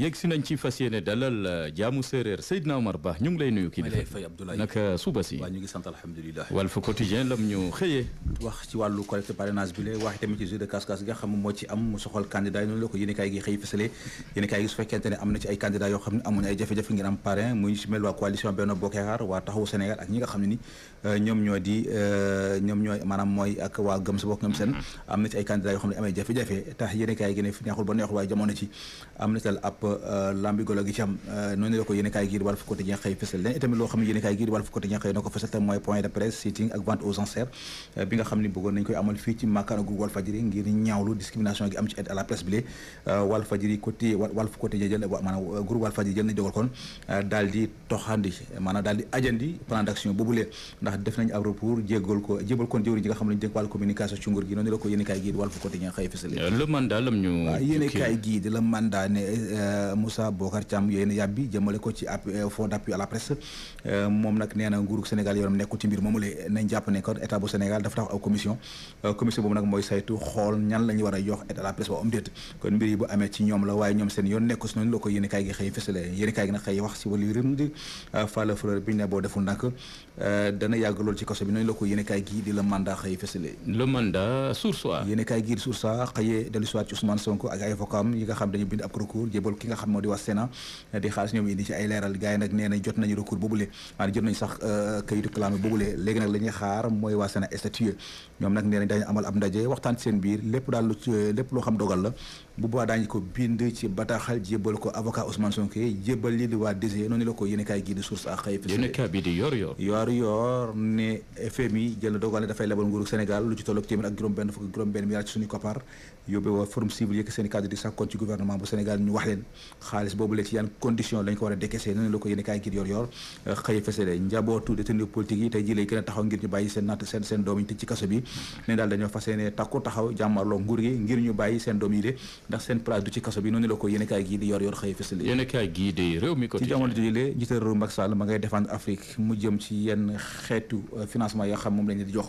yéeg si nañ ci fas yéene dalal euh, jaamu séeréer Seydina Omar Ba ñu ngi lay nuyu. kii naka suba si. waaw ñu ngi sant alhamdulilah. ñu xëyee. wax ci wàllu collecte parrainage bi la wax tamit ci jeu de casse-casse gi xam moo ci am mu soxal candidat yi am yoo xam ne amuñu ay jafe-jafe ngir am parrain muy si mel waa coalition Benno Bokk Yaakaar waa Taxawu Sénégal ak ñi nga xam ni euh, ñoom ñoo di euh, ñoom ñooy maanaam mooy ak waa Gëm Sa Bopp Gëm Seen mm-hmm. am na ci ay candidats yoo xam ne amee Euh, lambigolo gi ci euh, noonu la ko yéen kaay gii di Walf Quotidien xëy fësal leen itamit loo xam ne yéen kaay euh, la presse ne Euh, Moussa Bocar Thiam yooyu na yàbbi jëmale ko ci app euh, fonds d'appui à la presse euh, moom nag nee nguurug Sénégal yoonam nekkul ci mbir moomu le nañ jàpp ne kon état bu Sénégal dafa tax aw commission commission boobu nag mooy saytu xool ñan la war a jox état à la presse ba am déet kon mbir yi bu amee ci ñoom la waaye ñoom seen yoon nekku si noonu la ko yéen gi di Falla Fleur bi ñu la ko source yéen kaay gi di source xëyee dellu ci Ousmane nga xam moo di waa Sénat di xaalis ñoom indi ci ay leeral gars yi nag nee nañ jot nañu recours boobule maanaam jot nañu sax euh, kayitu clamé nag la ñuy xaar mooy waa Sénat statué ñoom nag nee nañ daañu amal ab lépp daal euh, lépp loo xam dogal la bu boobaa ko bind ci bataaxal jébbal ko ko yéen kaay gii di source ak xëy yoor yoor ne FMI jël na dogal ne dafay lebal nguuru Sénégal lu ci tolloog téeméer ak juróom-benn fukk juróom-benn milliard i cadre di sàkkoon ñu wax leen xaalis boobu la ci yan condition lañ ko war a décaissé noonu la ko yéen kaay ngir yor yor euh, xëy fësale njabootu détenu politique yi tey ji lay gën a taxaw ngir ñu bàyyi seen natt seen seen doom yi tëj ci kaso bi ne daal dañoo fas yéene takku taxaw jàmmarloo nguur gi ngir ñu bàyyi seen doom yi de ndax seen place du bi noonu la ko yéen kaay gii di yor yor xëy fësale ci jamono jile njiital réew Macky Sall ma ngay défendre Afrique mu jëm ci yenn xeetu euh, financement yoo xam moom lañ di jox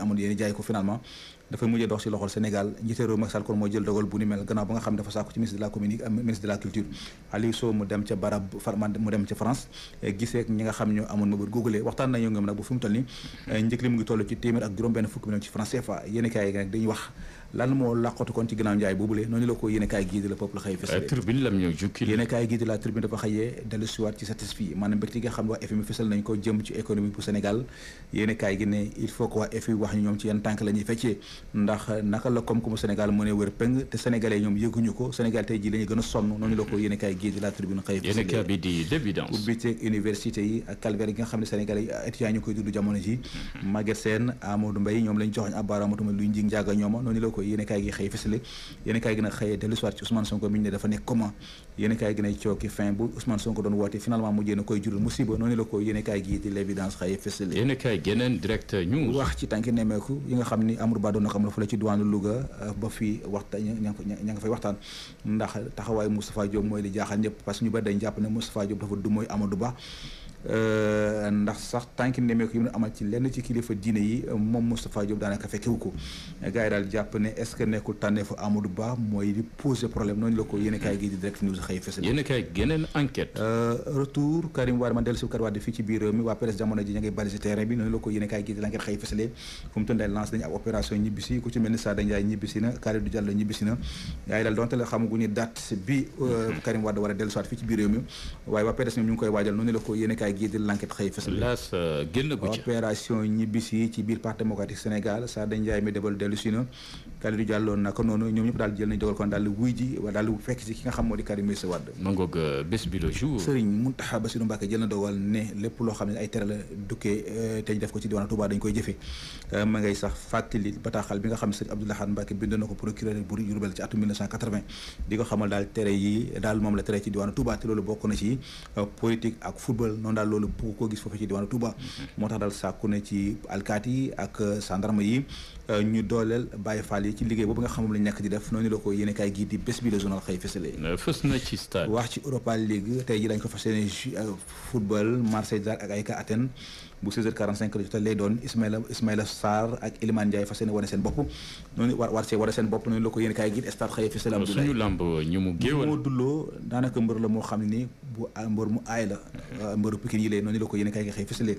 lañu amoon jaay ko finalement dafay mujjee dox ci loxol Sénégal njiité réew Macky Sall kon jël dogal bu ni mel gannaaw ba nga xam ne dafa sàkku ci ministre de la communique euh, ministre de la culture Aliou Sow mu dem ca barab mu dem ca France euh, gisee ñi nga xam ñoo amoon ma bët googulee waxtaan nañu ngam nag bu fi mu toll euh, njëkk li mu ngi toll ci téeméer ak juróom benn fukki million ci francs CFA yéen kaay yi nag dañuy wax lan moo làqatu kon ci ginnaaw njaay boobule noonu la ko yéenekaay gii di la peuple xëy fësale eh, tribune lam ñëw jukki la tribune dafa xëyee dellu siwaat ci satisfait maanaam mbégte ci économie bu Sénégal yéenekaay gi ne il faut que ndax naka la koom-koomu Sénégal mënee wër pëng te sénégalais ñoom yëguñu ko Sénégal tey ji la gën a sonn noonu la ko yéenekaay gii di la tribune xëy fësale ubbiteeg université yi ak calvaire gi nga xam ne sénégalais ko yéen kaay gi xëy fësale yéen kaay gi nag xëyee dellu soir ci Ousmane Sonko mi ñu ne dafa ne comment yéen kaay gi ne cooki fin bu Ousmane Sonko doon woote finalement mujjee na koy jural musiba noonu la ko yéen kaay gi di l'évidence xëyee fësale yéen kaay geneen direct news wax ci tànki nemeeku yi nga xam ni Amadou Ba doon na ko am la ci diwaanu Louga euh, ba fii waxtaan ña nga fay waxtaan ndax taxawaayu Moustapha Diop mooy li jaaxal ñëpp parce Euh, ndax sax tànki nemeeku yi mu amal ci lenn ci kilifa diine yi moom Moustapha Diop daanaka fekkewu ko gars yi daal jàpp ne est nekkul tànneefu Amadou Ba mooy di problème noonu la ko yéen a euh, dellu si fii ci biir réew yéenekaay gii di l'enquête xëy fës las euh, génn euh, jël na dogal ne lépp loo xam ne ay tere la dukkee euh, te def ko ci diwaan Touba dañ koy jëfe ma ngay sax fàttali bataaxal bi nga xam ne Serigne Abdou bind na ko procureur bu Diourbel ci atum di ko xamal daal tere yi daal moom la tere ci diwaan Touba loolu bokk na ci politique ak football noonu daal loolu bu ko gis foofu ci diwaanu Touba moo tax dal sàkku ne ci alkaati ak sandarma euh, yi euh, ñu dooleel Baye Fall yi ci liggéey boobu nga xamam lañ nekk di def noonu la ko yéene gii di bés bi le journal xëy fësale euh, fës na ci wax ci Europa League tey ji dañ ko fas yéene football Marseille ak ay AEK Athènes bu 16h45 la jota lay doon Ismaïla Ismaïla Sarr ak Iliman Ndiaye fas yéene wane seen bopp noonu la ko yéen kaay gi suñu lamb ñu mu géewal moo dulloo ne bu ah, mbër mu aay la uh-huh. mbëru Pikine yi lee noonu la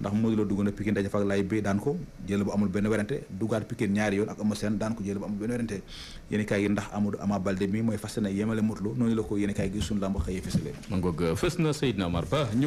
ndax Modou dugg na Pikine daje fa ak Laye Bey daan ko jël bu amul benn werante dugaat Pikine mooy fas yéene yemale Modou Lo noonu na Seydina Omar ñu